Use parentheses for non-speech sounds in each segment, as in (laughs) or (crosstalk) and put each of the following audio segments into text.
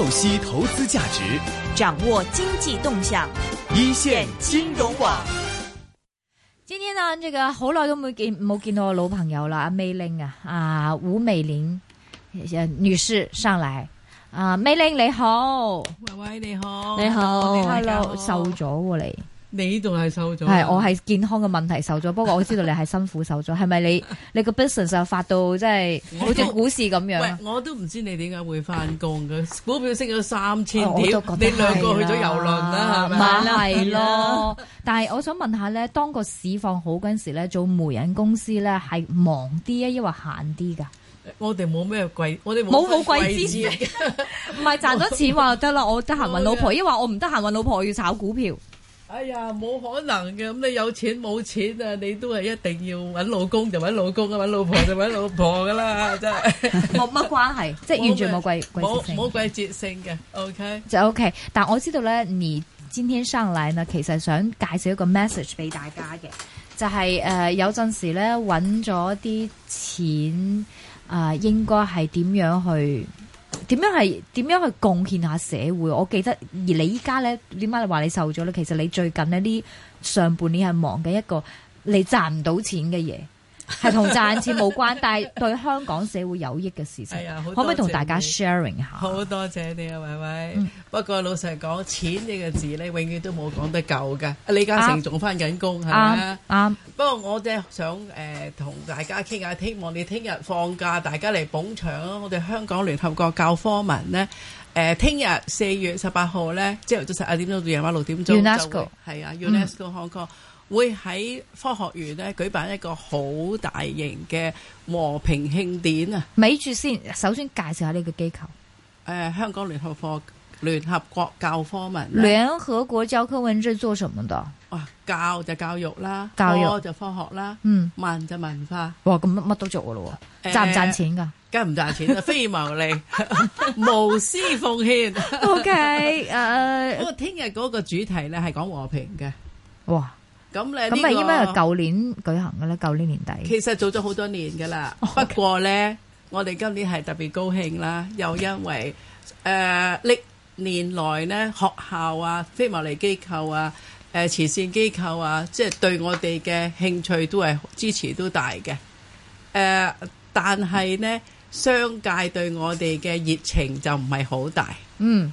透析投資價值，掌握經濟動向，一線金融網。今天呢，這個好耐都冇見冇見到我老朋友了，阿美玲啊，啊吳美玲女士上來啊，美玲你好，喂,喂你好，你好，hello 瘦咗喎你。你仲係受咗？係我係健康嘅問題受咗，不過我知道你係辛苦受咗，係咪 (laughs) 你你個 business 就發到即係好似股市咁樣？我都唔知你點解會翻工㗎。股票升咗三千點，我覺得你兩個去咗郵輪啦，係咪？咪係咯？但係我想問下咧，當個市況好嗰陣時咧，做媒人公司咧係忙啲啊，抑或閒啲噶？我哋冇咩貴，我哋冇冇貴資，唔係賺咗錢話得啦，我得閒搵老婆，抑或、oh、yeah. 我唔得閒搵老婆我要炒股票？哎呀，冇可能嘅，咁你有錢冇錢啊？你都係一定要揾老公就揾老公啊，揾老婆就揾老婆噶啦， (laughs) 真係冇乜關係， (laughs) 即係完全冇貴貴節性，冇冇貴節性嘅，OK 就 OK。但我知道咧，你今天上來呢，其實想介紹一個 message 俾大家嘅，就係、是、誒、呃、有陣時咧揾咗啲錢啊、呃，應該係點樣去？點樣係點樣去貢獻一下社會？我記得而，你依家咧，點解你話你瘦咗咧？其實你最近咧啲上半年係忙嘅一個你賺唔到錢嘅嘢。係同賺錢冇關，但係對香港社會有益嘅事情，可唔可以同大家 sharing 下？好多謝你啊，偉偉。雷雷嗯、不過老實講，錢呢個字咧，永遠都冇講得夠㗎。李嘉誠仲返緊工，係不過我真係想誒同、呃、大家傾下，希望你聽日放假，大家嚟捧場我哋香港聯合國教科文呢，誒、呃、聽日四月十八號呢，朝頭早十一點鐘到夜晚六點 UNESCO，係啊 UNESCO Hong Kong。會喺科學園咧舉辦一個好大型嘅和平慶典啊！咪住先，首先介紹下呢個機構。誒，香港聯合國聯合國教科文。聯合國教科文係做什麼的？哇，教就教育啦，教育就科學啦，嗯，文就文化。哇，咁乜乜都做噶咯？賺唔賺錢噶？梗唔賺錢啦，非牟利，無私奉獻。O K，誒，不過聽日嗰個主題咧係講和平嘅。哇！咁你咁、這、啊、個，應該係舊年舉行㗎啦，舊年年底。其實做咗好多年噶啦，Oh, okay. 不過呢，我哋今年係特別高興啦，又因為誒歷、呃、年來呢，學校啊、非牟利機構啊、誒、呃、慈善機構啊，即、就、係、是、對我哋嘅興趣都係支持都大嘅。誒、呃，但係呢，商界對我哋嘅熱情就唔係好大。嗯。Mm.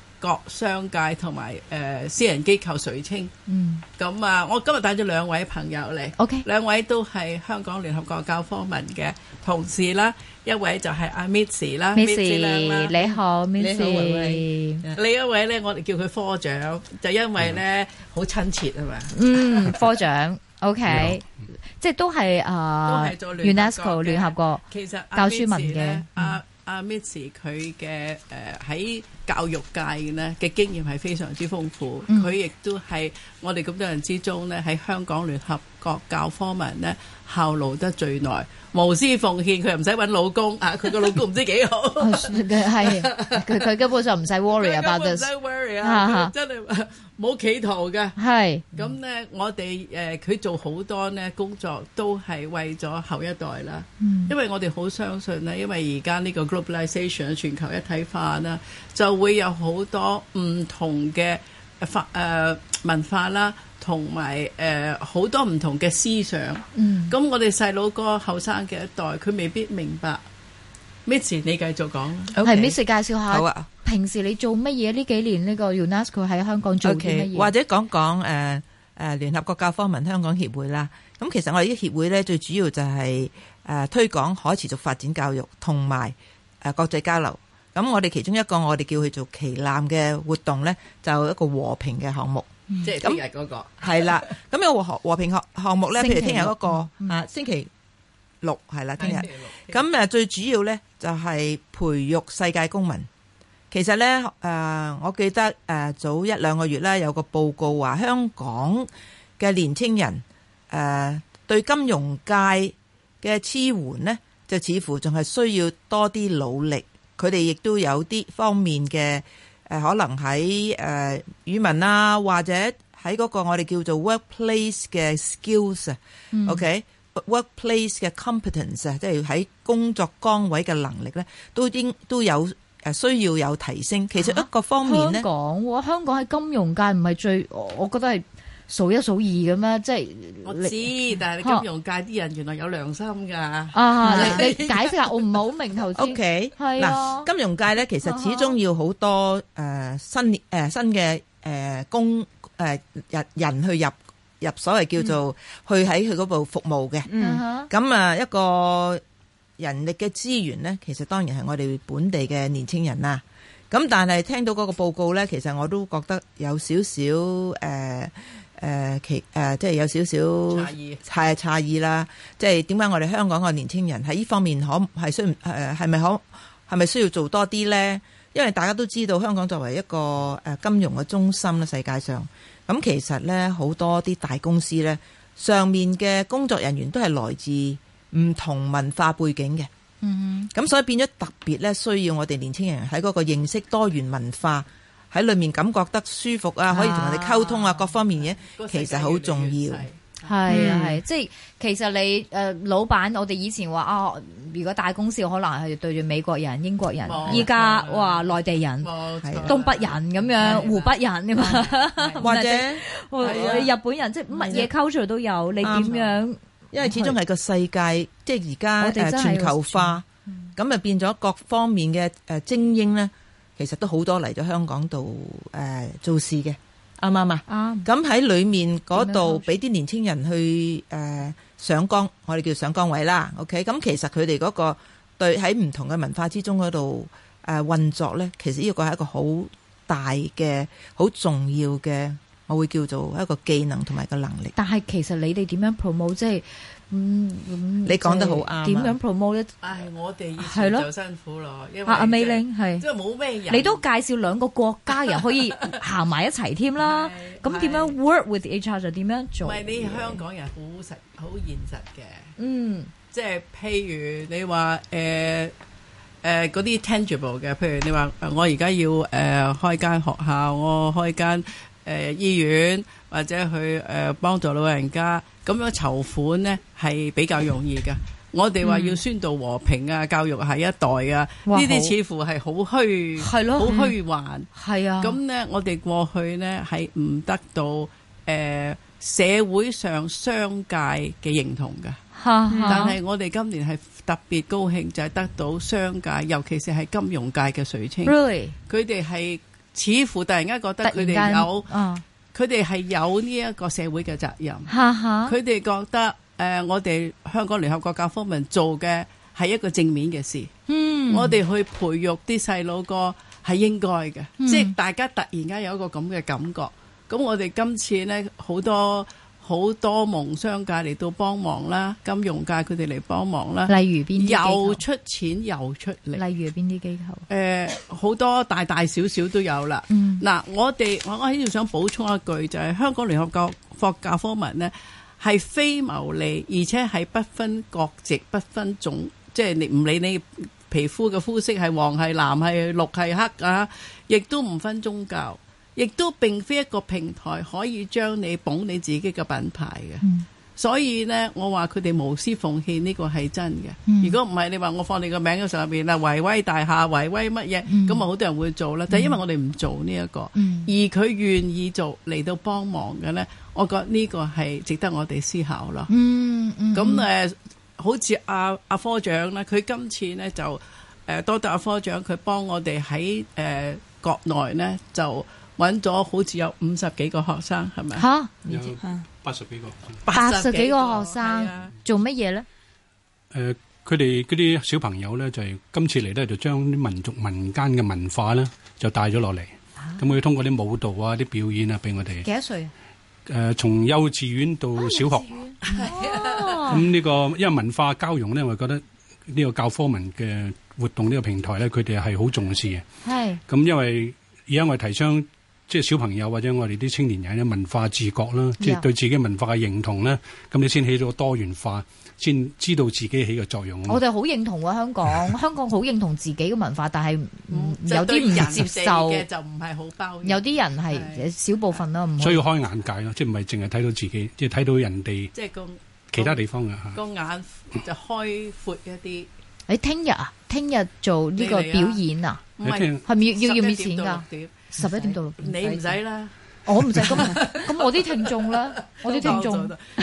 各商界同埋誒私人機構垂青？嗯，咁啊，我今日帶咗兩位朋友嚟，OK，兩位都係香港聯合國教科文嘅同事啦，一位就係阿 Miss 啦，Miss，你好，Miss，你好，另一位咧，我哋叫佢科長，就因為咧好親切啊嘛，嗯，科長，OK，即係都係啊 UNESCO 聯合國其實教書文嘅。阿 Miss 佢嘅，誒喺教育界咧嘅經驗係非常之豐富，佢亦都係。我哋咁多人之中咧，喺香港聯合國教科文咧，效勞得最耐，無私奉獻，佢又唔使搵老公啊！佢個老公唔知幾好，佢佢 (laughs) (laughs) 根本上唔使 worry about this worry 啊哈，真係冇企圖嘅。咁咧是，我哋誒佢做好多呢工作，都係為咗後一代啦、嗯。因為我哋好相信呢，因為而家呢個 globalization 全球一體化啦，就會有好多唔同嘅。文化啦，同埋誒好多唔同嘅思想。咁、嗯、我哋細佬哥後生嘅一代，佢未必明白。Miss 你繼續講。係 Miss 介紹下。好啊。平時你做乜嘢？呢、啊、幾年呢、呢個 UNESCO 喺香港做乜嘢？Okay, 或者講講誒誒、呃呃、聯合國教科文香港協會啦。咁其實我哋呢啲協會咧，最主要就係、是、誒、呃、推廣可持續發展教育，同埋誒國際交流。咁我哋其中一個，我哋叫佢做旗艦嘅活動咧，就一個和平嘅項目，即係今日個 (laughs) 個係啦。咁有和和平項項目咧，譬如聽日嗰個啊星期六係啦，聽日咁誒最主要咧就係、是、培育世界公民。其實咧誒、呃、我記得誒、呃、早一兩個月咧有個報告話香港嘅年輕人誒、呃、對金融界嘅支援咧，就似乎仲係需要多啲努力。佢哋亦都有啲方面嘅誒可能喺誒、呃、語文啦、啊，或者喺嗰個我哋叫做 workplace 嘅 skills，OK，workplace 嘅 competence 啊、嗯，即係喺工作崗位嘅能力咧，都應都有誒，需要有提升。其實一個方面咧，講、啊、香港喺金融界唔係最，我，我覺得係。數一數二嘅咩？即係我知，但係金融界啲人原來有良心噶啊！你，你解釋下，我唔係好明頭先。O K 係嗱，金融界咧，其實始終要好多誒新年誒新嘅誒工誒人人去入入所謂叫做去喺佢嗰度服務嘅。嗯哼，咁啊，一個人力嘅資源咧，其實當然係我哋本地嘅年輕人啦。咁但係聽到嗰個報告咧，其實我都覺得有少少誒。誒、呃、其誒、呃、即係有少少差異係差，差異啦，即係點解我哋香港嘅年輕人喺呢方面可係需誒係咪可係咪需要做多啲呢？因為大家都知道香港作為一個金融嘅中心咧，世界上咁其實呢，好多啲大公司呢，上面嘅工作人員都係來自唔同文化背景嘅，嗯哼，咁所以變咗特別呢需要我哋年輕人喺嗰個認識多元文化。喺裏面感覺得舒服啊，可以同人哋溝通啊，各方面嘢其實好重要。係啊係，即係其實你誒老闆，我哋以前話啊，如果大公司可能係對住美國人、英國人，依家話內地人、東北人咁樣、湖北人㗎嘛，或者日本人，即係乜嘢 culture 都有。你點樣？因為始終係個世界，即係而家全球化，咁啊變咗各方面嘅精英咧。其實都好多嚟咗香港度誒、呃、做事嘅，啱唔啱啊？咁、嗯、喺、嗯、裏面嗰度俾啲年青人去誒、呃、上崗，我哋叫上崗位啦。OK，咁其實佢哋嗰個對喺唔同嘅文化之中嗰度誒運作咧，其實呢個係一個好大嘅、好重要嘅，我會叫做一個技能同埋個能力。但係其實你哋點樣 promote 即係？嗯，你講得好啱啊！點、就是、樣 promote？唉、哎，我哋就辛苦咯。阿阿 Meiling 係，即係冇咩人。你都介紹兩個國家人 (laughs) 可以行埋一齊添啦。咁點樣 work with HR 就點樣做？唔係你香港人好實好現實嘅。嗯，即係譬如你話誒誒、呃、嗰啲、呃、tangible 嘅，譬如你話我而家要誒、呃、開間學校，我開間，誒、呃、醫院或者去誒、呃、幫助老人家，咁樣籌款呢係比較容易㗎。我哋話要宣導和平啊、嗯、教育下一代啊，呢啲哇似乎係好虛，好虛的幻，係啊。咁呢我哋過去呢係唔得到誒、呃、社會上商界嘅認同㗎。哈哈，但係我哋今年係特別高興，就係、是、得到商界，尤其是係金融界嘅水清，佢哋係。似乎突然間覺得佢哋有，佢哋係有呢一個社會嘅責任。佢哋哈覺得誒、呃，我哋香港聯合國教方面做嘅係一個正面嘅事。嗯、我哋去培育啲細佬哥係應該嘅，嗯、即係大家突然間有一個咁嘅感覺。咁我哋今次呢好多，好多蒙商界嚟到幫忙啦，金融界佢哋嚟幫忙啦。例如邊啲又出錢又出力。例如邊啲機構？誒、呃，好多大大小小都有啦。嗱、嗯，我哋我我喺度想補充一句就係、是、香港聯合國教科文呢，係非牟利，而且係不分國籍、不分種，即係你唔理你皮膚嘅膚色係黃係藍係綠係黑啊，亦都唔分宗教。亦都並非一個平台可以將你捧你自己嘅品牌嘅，嗯、所以呢，我話佢哋無私奉獻呢個係真嘅。如果唔係，你話我放你個名喺上邊啦，維威大廈、維威乜嘢，咁啊好多人會做啦。嗯、就因為我哋唔做呢、這、一個，嗯、而佢願意做嚟到幫忙嘅呢，我覺得呢個係值得我哋思考咯、嗯。嗯咁、呃、好似阿阿科長呢，佢今次呢，就誒多得阿科長，佢、呃啊、幫我哋喺誒國內呢，就。揾咗好似有五十幾個學生，係咪？吓，八十幾個，八十幾個學生做乜嘢呢？誒、呃，佢哋嗰啲小朋友呢，就係、是、今次嚟呢，就將啲民族民間嘅文化呢，就帶咗落嚟。咁佢、啊、通過啲舞蹈啊、啲表演啊，俾我哋。幾多歲？誒、呃，從幼稚園到小學。咁呢、啊 (laughs) 嗯，這個因為文化交融呢，我覺得呢個教科文嘅活動呢個平台呢，佢哋係好重視嘅。係是。咁因為而家我哋提倡。即係小朋友或者我哋啲青年人嘅文化自覺啦，即係對自己文化嘅認同咧，咁你先起到多元化，先知道自己起嘅作用。我哋好認同喎、啊，香港， (laughs) 香港好認同自己嘅文化，但係唔、嗯、有啲唔接受，就唔係好包，有啲人係少是部分啦，唔需是要開眼界咯，即係唔係淨係睇到自己，即係睇到人哋，即係個其他地方嘅嚇，個眼就開闊一啲。你聽日啊，聽日做呢個表演啊，係咪要要要錢㗎？是十一點到，六點你唔使啦，我唔使咁，咁我啲聽眾啦，我啲聽眾，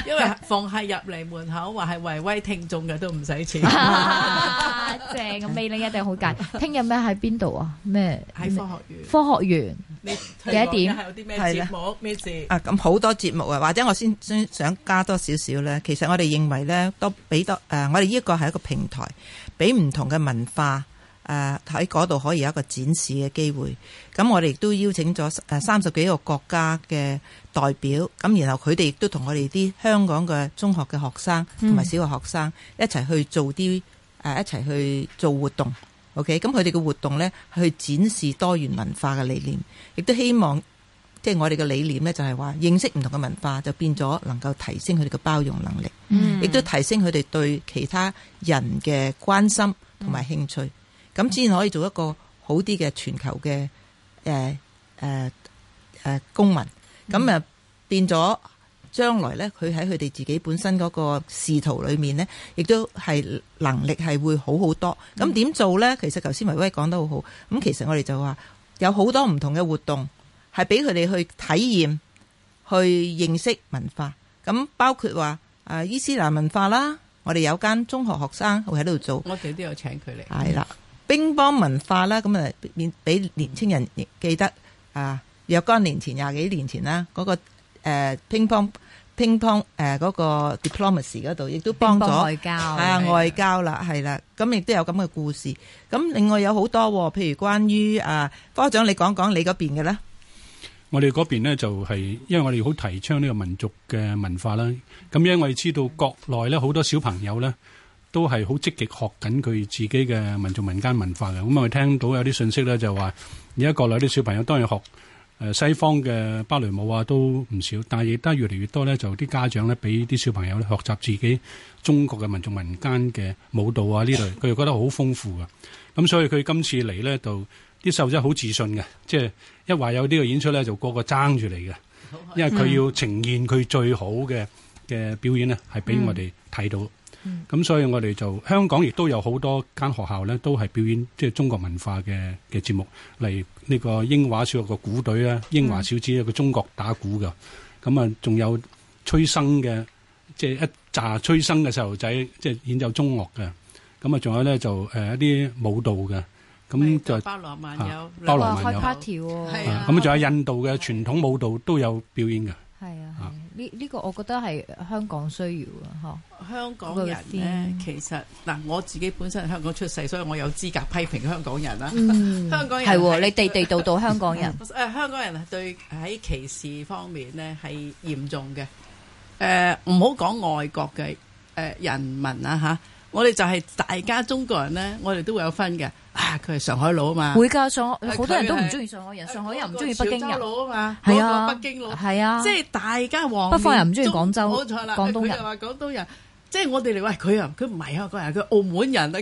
因為凡係入嚟門口話係維威聽眾嘅都唔使錢。正，魅力一定好勁。聽日咩喺邊度啊？咩喺科學園？科學園，幾點？係有啲咩節目？咩啊，咁好多節目啊！或者我先先想加多少少咧？其實我哋認為咧，都俾多誒，我哋呢個係一個平台，俾唔同嘅文化。誒喺嗰度可以有一個展示嘅機會，咁我哋亦都邀請咗誒三十幾個國家嘅代表。咁然後佢哋亦都同我哋啲香港嘅中學嘅學生同埋小學學生一齊去做啲誒一齊、啊、去做活動。OK，咁佢哋嘅活動咧，去展示多元文化嘅理念，亦都希望即係、就是、我哋嘅理念咧，就係話認識唔同嘅文化，就變咗能夠提升佢哋嘅包容能力，亦、嗯、都提升佢哋對其他人嘅關心同埋興趣。咁先可以做一個好啲嘅全球嘅誒誒公民，咁啊、嗯、變咗將來咧，佢喺佢哋自己本身嗰個仕途裏面咧，亦都係能力係會好好多。咁點、嗯、做咧？其實頭先維威講得好好，咁其實我哋就話有好多唔同嘅活動係俾佢哋去體驗、去認識文化。咁包括話啊伊斯蘭文化啦，我哋有間中學學生會喺度做，我哋都有請佢嚟，係啦。乒乓文化啦，咁啊，年俾年青人亦記得啊。若干年前，廿幾年前啦，嗰、嗰個、呃、乒乓乒乓誒嗰、呃嗰個 diplomacy 嗰度，亦都幫咗啊外交啦，係啦、啊。咁亦都有咁嘅故事。咁、嗯、另外有好多，譬如關於啊，科長，你講講你嗰邊嘅咧。我哋嗰邊咧就係、是，因為我哋好提倡呢個民族嘅文化啦。咁因為我知道國內咧好多小朋友咧。都係好積極學緊佢自己嘅民族民間文化嘅，咁我聽到有啲信息咧，就話而家國內啲小朋友當然學誒西方嘅芭蕾舞啊，都唔少，但係亦都係越嚟越多咧，就啲家長咧俾啲小朋友咧學習自己中國嘅民族民間嘅舞蹈啊呢類，佢又覺得好豐富嘅，咁所以佢今次嚟咧，就啲細路仔好自信嘅，即係一話有呢個演出咧，就個個爭住嚟嘅，因為佢要呈現佢最好嘅嘅表演呢，係俾我哋睇到。咁所以我哋就香港亦都有好多間學校咧，都係表演即係中國文化嘅嘅節目，例如呢個英華小學個鼓隊啊，英華小子有個中國打鼓噶，咁啊仲有吹笙嘅，即係一扎吹笙嘅細路仔，即係演奏中樂嘅，咁啊仲有咧就誒一啲舞蹈嘅，咁就包羅萬有，包羅萬有 party 喎，咁仲有印度嘅傳統舞蹈都有表演嘅，係啊。呢呢個我覺得係香港需要啊！嚇，香港人呢，其實嗱，我自己本身係香港出世，所以我有資格批評香港人啦。嗯、香港人係喎，你地地道道香港人。誒， (laughs) 香港人對喺歧視方面呢係嚴重嘅。誒、呃，唔好講外國嘅誒人民啊！嚇、呃。我哋就係大家中國人咧，我哋都會有分嘅。啊，佢係上海佬啊嘛，會噶上好是他 多人都唔中意上海人，上海人唔中意北京佬啊嘛，係、那個、啊，北京佬係啊，即係大家黃，北方人唔中意廣州，冇錯啦。廣東人，佢話廣東人，即、就、係、是、我哋嚟喂佢啊，佢唔係啊個人，佢澳門人啦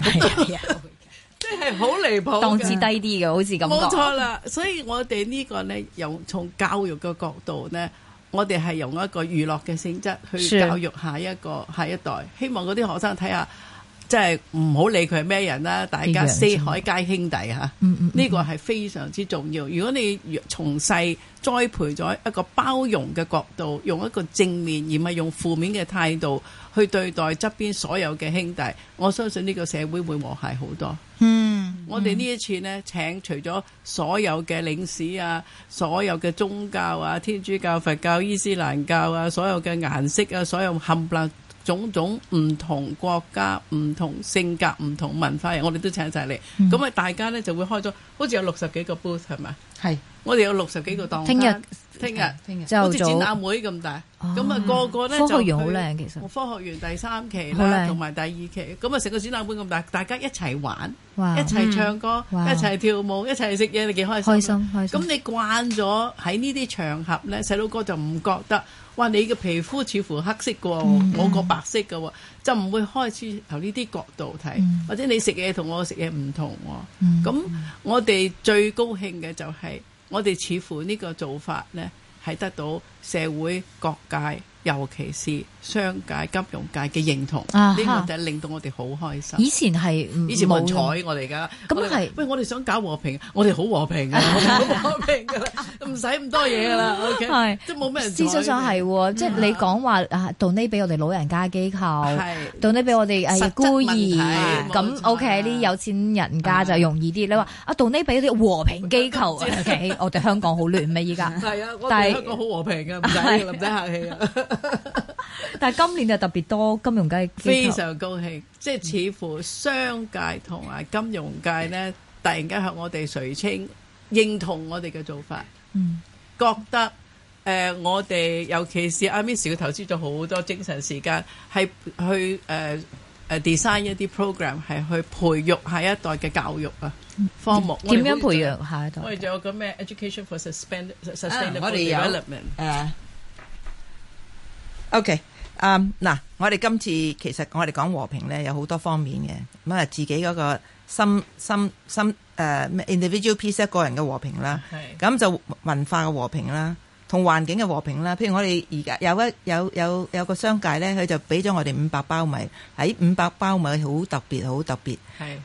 即係好離譜，檔次、啊、 (laughs) 低啲嘅，好似咁。冇錯啦，所以我哋呢個咧，由從教育嘅角度呢，我哋係用一個娛樂嘅性質去教育下一個是下一代，希望嗰啲學生睇下。即係唔好理佢係咩人啦，大家四海皆兄弟吓，嗯嗯，呢個係非常之重要。如果你從細栽培咗一個包容嘅角度，用一個正面而唔係用負面嘅態度去對待側邊所有嘅兄弟，我相信呢個社會會和諧好多嗯。嗯，我哋呢一次呢，請除咗所有嘅領事啊，所有嘅宗教啊，天主教、佛教、伊斯蘭教啊，所有嘅顏色啊，所有冚唪唥。種種唔同國家、唔同性格、唔同文化人，我哋都請晒嚟。咁啊、嗯，大家呢就會開咗，好似有六十幾個 booth，係咪？係。我哋有六十幾個檔，聽日聽日，聽日，就好似展覽會咁大，咁啊個個咧就科學園好靚，其實科學園第三期啦，同埋第二期，咁啊成個展覽會咁大，大家一齊玩，一齊唱歌，一齊跳舞，一齊食嘢，你幾開心？開心開心。咁你慣咗喺呢啲場合咧，細路哥就唔覺得，哇！你嘅皮膚似乎黑色嘅喎，我個白色嘅喎，就唔會開始由呢啲角度睇，或者你食嘢同我食嘢唔同喎。咁我哋最高興嘅就係。我哋似乎呢個做法咧，係得到社會各界，尤其是商界、金融界嘅認同，呢個就係令到我哋好開心。以前係以前冇彩我哋噶，咁係喂，我哋想搞和平，我哋好和平嘅，好和平嘅，唔使咁多嘢噶啦。O K，係即冇咩事實上係即係你講話啊，donate 俾我哋老人家機構，donate 俾我哋孤兒咁。O K，啲有錢人家就容易啲。你話啊，donate 俾啲和平機構，O K，我哋香港好亂咩？依家係啊，但係香港好和平嘅，唔使唔使客氣啊。 (laughs) 但係今年就特別多金融界機，非常高興，即、就、係、是、似乎商界同埋金融界呢，突然間向我哋垂青，認同我哋嘅做法。嗯，覺得誒、呃，我哋尤其是阿 Miss，佢投資咗好多精神時間，係去誒誒 design 一啲 program，係去培育下一代嘅教育啊科目。點、嗯、樣培養下一代、啊？我哋仲有個咩 education for sustainable development。誒、呃。O K. 啊嗱，okay, um, nah, 我哋今次其實我哋講和平咧，有好多方面嘅，咁啊，自己嗰個心心心誒 individual peace 個人嘅和平啦，咁是就文化嘅和平啦，同環境嘅和平啦。譬如我哋而家有一有有有，有個商界咧，佢就俾咗我哋五百包米，喺五百包米好特別，好特別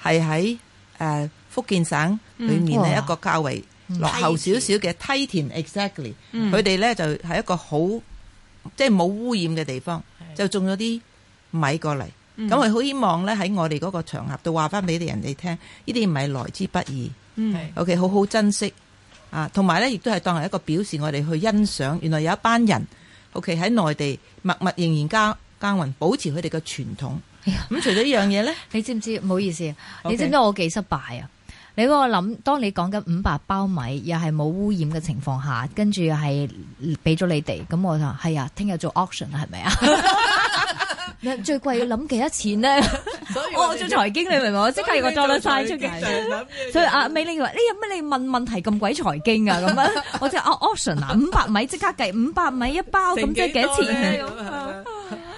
係喺誒福建省裏面咧、嗯、一個較為 nice. 落後少少嘅梯田，exactly，佢哋咧就係、是、一個好。即係冇污染嘅地方，就種咗啲米過嚟，咁我好希望咧喺我哋嗰個場合度話翻俾啲人哋聽，呢啲唔係來之不易的、嗯、，OK 好好珍惜啊！同埋咧，亦都係當係一個表示我哋去欣賞，原來有一班人 OK 喺內地默默仍然耕耕耘，保持佢哋嘅傳統。咁 (laughs) 除咗呢樣嘢咧，你知唔知？唔好意思，你知唔知我幾失敗啊？OK 你幫我諗，當你講緊五百包米，又係冇污染嘅情況下，跟住又係俾咗你哋，咁我就係啊，聽日做 auction 係咪啊？ (laughs) (laughs) 最貴要諗幾多錢咧、 (laughs) 哦？我做財經，你明唔明？我即刻要我裝到晒出嘅，所以阿美玲話，你有咩你問問題咁鬼財經 (laughs) 啊？咁樣，我即係啊 auction 啊，五百米即刻計五百米一包，咁 (laughs) 即係幾多錢啊？ (laughs)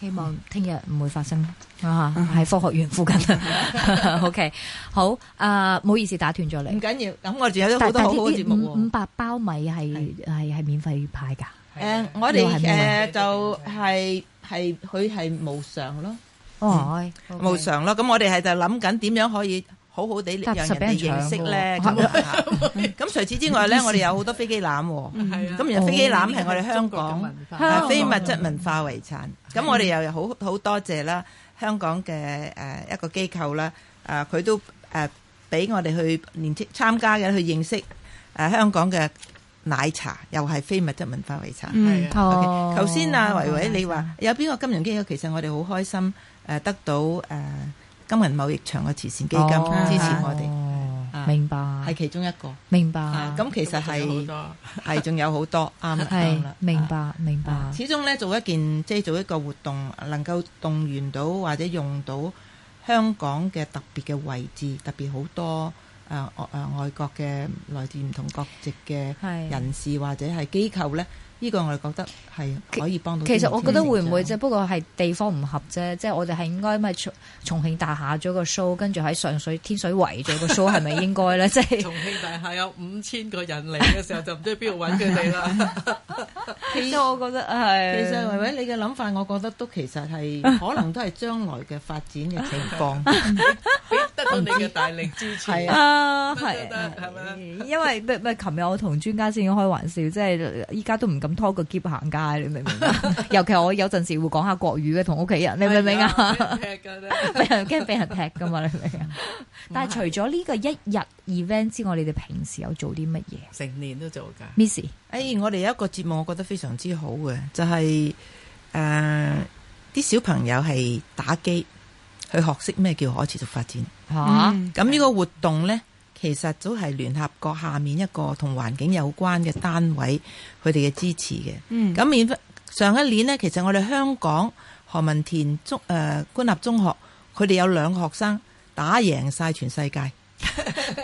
希望聽日唔會發生啊！喺科學院附近啊，OK，好啊，唔好意思打斷咗你。唔緊要，咁我仲有咗好多好好嘅節目喎。五百包米係係係免費派㗎。誒，我哋誒就係係佢係無償咯，哦，無償咯。咁我哋係就諗緊點樣可以。好好哋俾人哋認識咧，咁除此之外咧，我哋有好多飛機欖，咁而飛機欖係我哋香港非物質文化遺產。咁我哋又好好多謝啦，香港嘅誒一個機構啦，誒佢都誒俾我哋去連接參加嘅去認識誒香港嘅奶茶，又係非物質文化遺產。係啊，頭先啊維維你話有邊個金融機構，其實我哋好開心誒得到誒。金銀貿易場嘅慈善基金支持我哋、哦，明白，係、啊、其中一個，明白。咁、啊、其實係係仲有好多啱啦， (laughs) 明白、啊、明白。始終呢做一件即係做一個活動，能夠動員到或者用到香港嘅特別嘅位置，特別好多誒誒、呃呃、外國嘅來自唔同國籍嘅人士或者係機構呢。呢個我哋覺得係可以幫到。其實我覺得會唔會啫？不過係地方唔合啫。即係我哋係應該咪重重慶大廈咗個 show，跟住喺上水天水圍咗個 show，係咪應該咧？即係重慶大廈有五千個人嚟嘅時候，就唔知邊度揾佢哋啦。所以我覺得係，其實維維你嘅諗法，我覺得都其實係可能都係將來嘅發展嘅情況，得到你嘅大力支持啊！係係啦，因為咩咩琴日我同專家先開玩笑，即係依家都唔敢。拖個篋行街，你明唔明啊？ (laughs) 尤其我有陣時會講下國語嘅，同屋企人，你明唔明啊？俾人驚俾人踢噶嘛， (laughs) 你明唔明啊？是但係除咗呢個一日 event 之外，你哋平時有做啲乜嘢？成年都做噶。Miss，哎，我哋有一個節目，我覺得非常之好嘅，就係、是、誒、啲、呃、小朋友係打機去學識咩叫可持續發展。吓、啊，咁呢個活動咧？其實都係聯合國下面一個同環境有關嘅單位，佢哋嘅支持嘅。咁免、嗯、上一年呢，其實我哋香港何文田中誒官立中學，佢哋有兩個學生打贏晒全世界。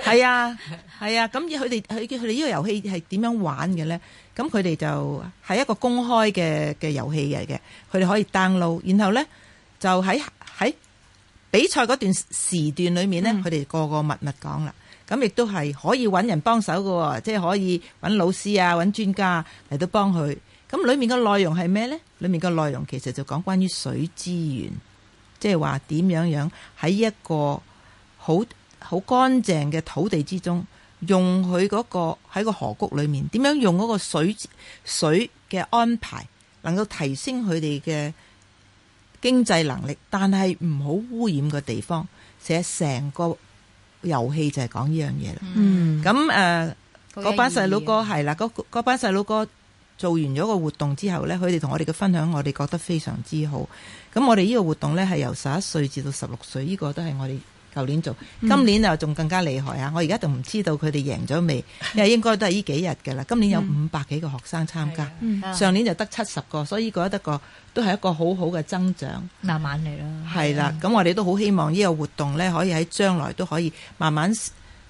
係 (laughs) 啊，係啊。咁佢哋佢佢哋呢個遊戲係點樣玩嘅呢？咁佢哋就係一個公開嘅嘅遊戲嚟嘅，佢哋可以 download。然後呢就喺喺比賽嗰段時段裏面呢，佢哋、嗯、個個密密講啦。咁亦都係可以揾人幫手喎，即係可以揾老師啊、揾專家嚟到幫佢。咁裏面嘅內容係咩呢？裏面嘅內容其實就講關於水資源，即係話點樣樣喺一個好好乾淨嘅土地之中，用佢嗰個喺個河谷裏面點樣用嗰個水水嘅安排，能夠提升佢哋嘅經濟能力，但係唔好污染嘅地方。寫成個。遊戲就係講呢樣嘢啦，咁誒，嗰班細佬哥係啦，嗰班細佬哥做完咗個活動之後呢，佢哋同我哋嘅分享，我哋覺得非常之好。咁我哋呢個活動呢，係由十一歲至到十六歲，呢個都係我哋。舊年做，今年啊仲更加厲害啊！嗯、我而家就唔知道佢哋贏咗未？因為、嗯、應該都係呢幾日噶啦。今年有五百幾個學生參加，上、嗯嗯、年就得七十個，所以覺得個、個、個都係一個好好嘅增長，慢慢嚟啦。係啦，咁我哋都好希望呢個活動呢，可以喺將來都可以慢慢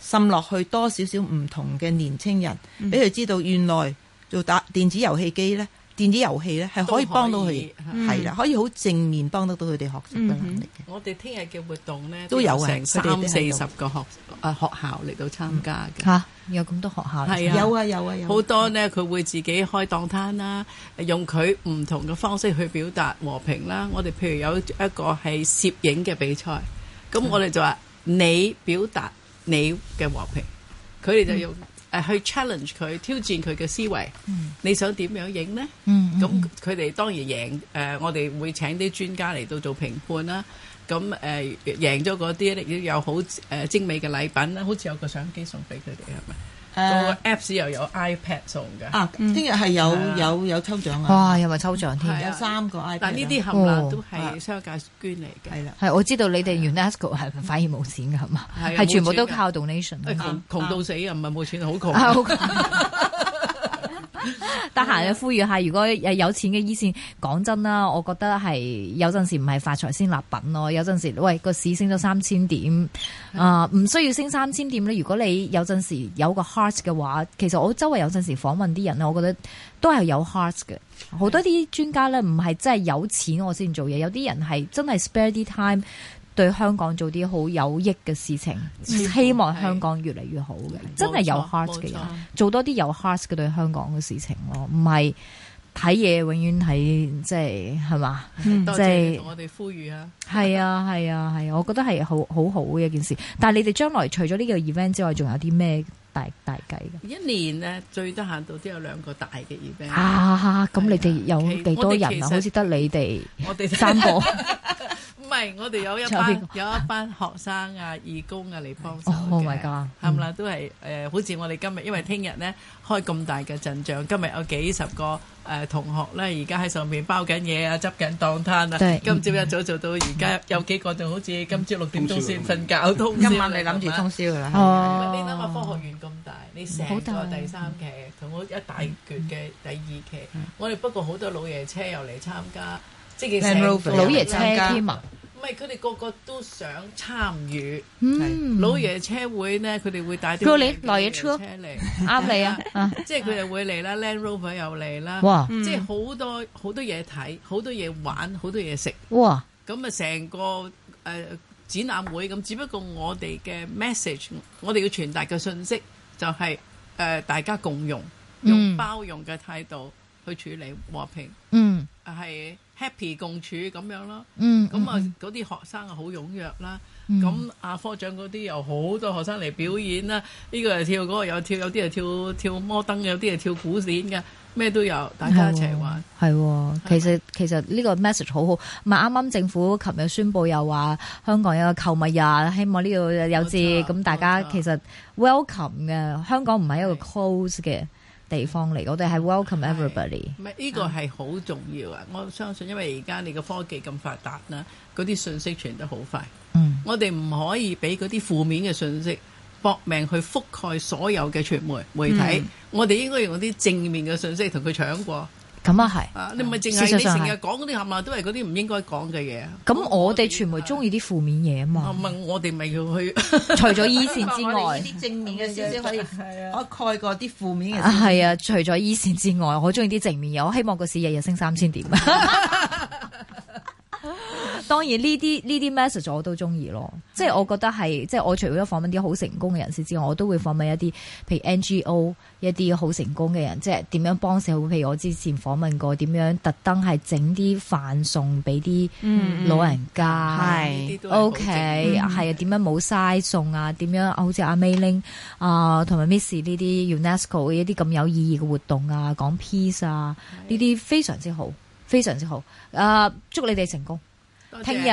滲落去多少少唔同嘅年青人，俾佢知道原來做打電子遊戲機呢。電子遊戲咧係可以幫到佢，係啦，可以好的、嗯、正面幫得到佢哋學習嘅能力嘅。嗯嗯、我哋聽日嘅活動咧都有成三,三四十個學，學校嚟到參加嘅、嗯。有咁多學校？係啊，啊，有啊，有啊，有好、啊、多咧，佢會自己開檔攤啦，用佢唔同嘅方式去表達和平啦。我哋譬如有一個係攝影嘅比賽，咁我哋就話、嗯、你表達你嘅和平，佢哋就用、嗯。誒去 challenge 佢挑戰佢嘅思維，嗯、你想點樣影咧？咁佢哋當然贏，誒，我哋會請啲專家嚟到做評判啦。咁誒贏咗嗰啲咧，要有好誒精美嘅禮品啦，好似有個相機送俾佢哋係咪？是個 Apps 又有 iPad 送嘅啊！聽日係有有有抽獎啊！哇！又咪抽獎添，有三個 iPad，但呢啲冚唪唥都係商界捐嚟嘅。係啦，係我知道你哋 UNESCO 係，反而冇錢嘅係嘛？係全部都靠 donation，窮窮到死啊！唔係冇錢，好窮。得閒嘅呼籲下，如果有錢嘅醫生，講真啦，我覺得係有陣時唔係發財先立品咯。有陣時，喂個市升咗三千點啊，唔的、呃、需要升三千點咧。如果你有陣時有個 heart 嘅話，其實我周圍有陣時訪問啲人咧，我覺得都係有 heart 嘅。好 Okay. 多啲專家咧，唔係真係有錢我先做嘢，有啲人係真係 spare 啲 time。對香港做啲好有益嘅事情，希望香港越嚟越好嘅，真係有 heart 嘅人做多啲有 heart 嘅對香港嘅事情咯，唔係睇嘢永遠睇，即係係嘛？即係，多謝同我哋呼籲啊！係啊係啊係，我覺得係好好好嘅一件事。但係你哋將來除咗呢個 event 之外，仲有啲咩大大計嘅？一年咧，最多限度都有兩個大嘅 event。啊，咁你哋有幾多人啊？好似得你哋我哋三個。唔係，我哋有一班有一班學生啊、義工啊嚟幫手嘅。哦，我咪講係咪啦？都係誒，好似我哋今日，因為聽日咧開咁大嘅陣仗，今日有幾十個誒同學咧，而家喺上面包緊嘢啊、執緊檔攤啊。對。今朝一早做到而家，有幾個就好似今朝六點鐘先瞓覺，都通宵啊！哦。今晚你諗住通宵㗎啦？你諗下科學園咁大，你成個第三期同我一大段嘅第二期，我哋不過好多老爺車又嚟參加，即係成老爺車添啊！唔係佢哋個個都想參與。嗯，老爺車會咧，佢哋會帶啲。如果你 (laughs) 來啱你啊！即係佢哋會嚟啦，Land Rover 又嚟啦。哇！即係好多好、嗯、多嘢睇，好多嘢玩，好多嘢食。哇！咁啊，成個誒展覽會咁，只不過我哋嘅 message，我哋要傳達嘅信息就係、是、誒、呃、大家共融，用包容嘅態度。嗯去處理和平，係、嗯、happy 共處咁樣咯。咁啊、嗯，嗰、嗯、啲學生啊好踴躍啦。咁啊、嗯，科長嗰啲又好多學生嚟表演啦。呢、這個又跳，嗰、那個又跳，有啲係跳跳摩登，有啲係跳古典嘅，咩都有。大家一齊玩係喎。其實其實呢個 message 好好。唔係啱啱政府琴日宣布又話香港有個購物日，希望呢度有節咁像大家其實像 welcome 嘅。香港唔係一個 close 嘅。地方嚟，我哋係 welcome everybody。唔係，呢個係好重要啊！我相信，因為而家你個科技咁發達啦，嗰啲信息傳得好快。嗯，我哋唔可以俾嗰啲負面嘅信息搏命去覆蓋所有嘅傳媒媒體，嗯、我哋應該用啲正面嘅信息同佢搶過。咁啊係、啊，你咪淨係你成日講嗰啲合嘛，都係嗰啲唔應該講嘅嘢。咁我哋傳媒中意啲負面嘢啊嘛，唔、啊、唔，我哋咪要去。啊啊啊啊、除咗依線之外，啲、啊、正面嘅消息可以，可以、啊、我蓋過啲負面嘅。係啊，啊，除咗依線之外，我中意啲正面嘢，我希望個市日日升三千點。嗯 (laughs) 當然呢啲呢啲 message 我都中意咯，即、就、係、是、我覺得係即係我除咗訪問啲好成功嘅人士之外，我都會訪問一啲譬如 NGO 一啲好成功嘅人，即係點樣幫社會。譬如我之前訪問過，點樣特登係整啲飯送俾啲老人家，係 OK 係啊，點 okay,、嗯、樣冇嘥餸啊？點樣好似阿 Meiling 啊，同、呃、埋 Miss 呢啲 UNESCO 嘅一啲咁有意義嘅活動啊，講 peace 啊，呢啲是非常之好，非常之好。誒、呃，祝你哋成功！聽日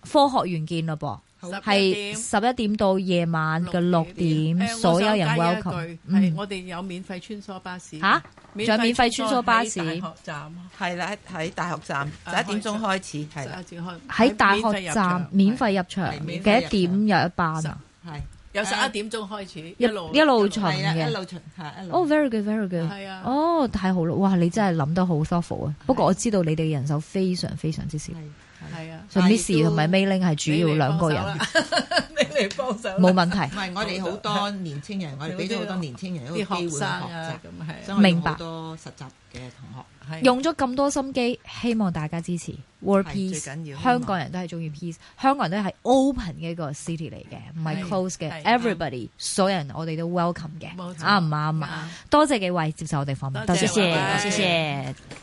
科學園見咯噃，係十一點到夜晚嘅六點，所有人 welcome。嗯，我哋有免費穿梭巴士。吓，仲有免費穿梭巴士？大學站係啦，喺大學站十一點鐘開始，係喺大學站免費入場，幾多點有一班啊？係由十一點鐘開始一路一路巡嘅，一路哦，very good，very good，哦，太好啦！哇，你真係諗得好 thorough 啊！不過我知道你哋人手非常非常之少。係啊 Miss 同埋 Meiling 係主要兩個人，咩嚟幫手？冇問題。唔係我哋好多年青人，我哋俾咗好多年青人啲學生咁係。明白。多實習嘅同學，用咗咁多心機，希望大家支持。World peace，最緊要香港人都係中意 peace，香港人都係 open 嘅一個 city 嚟嘅，唔係 close 嘅。Everybody，所有人我哋都 welcome 嘅，啱唔啱啊？多謝幾位接受我哋訪問，多謝，多謝。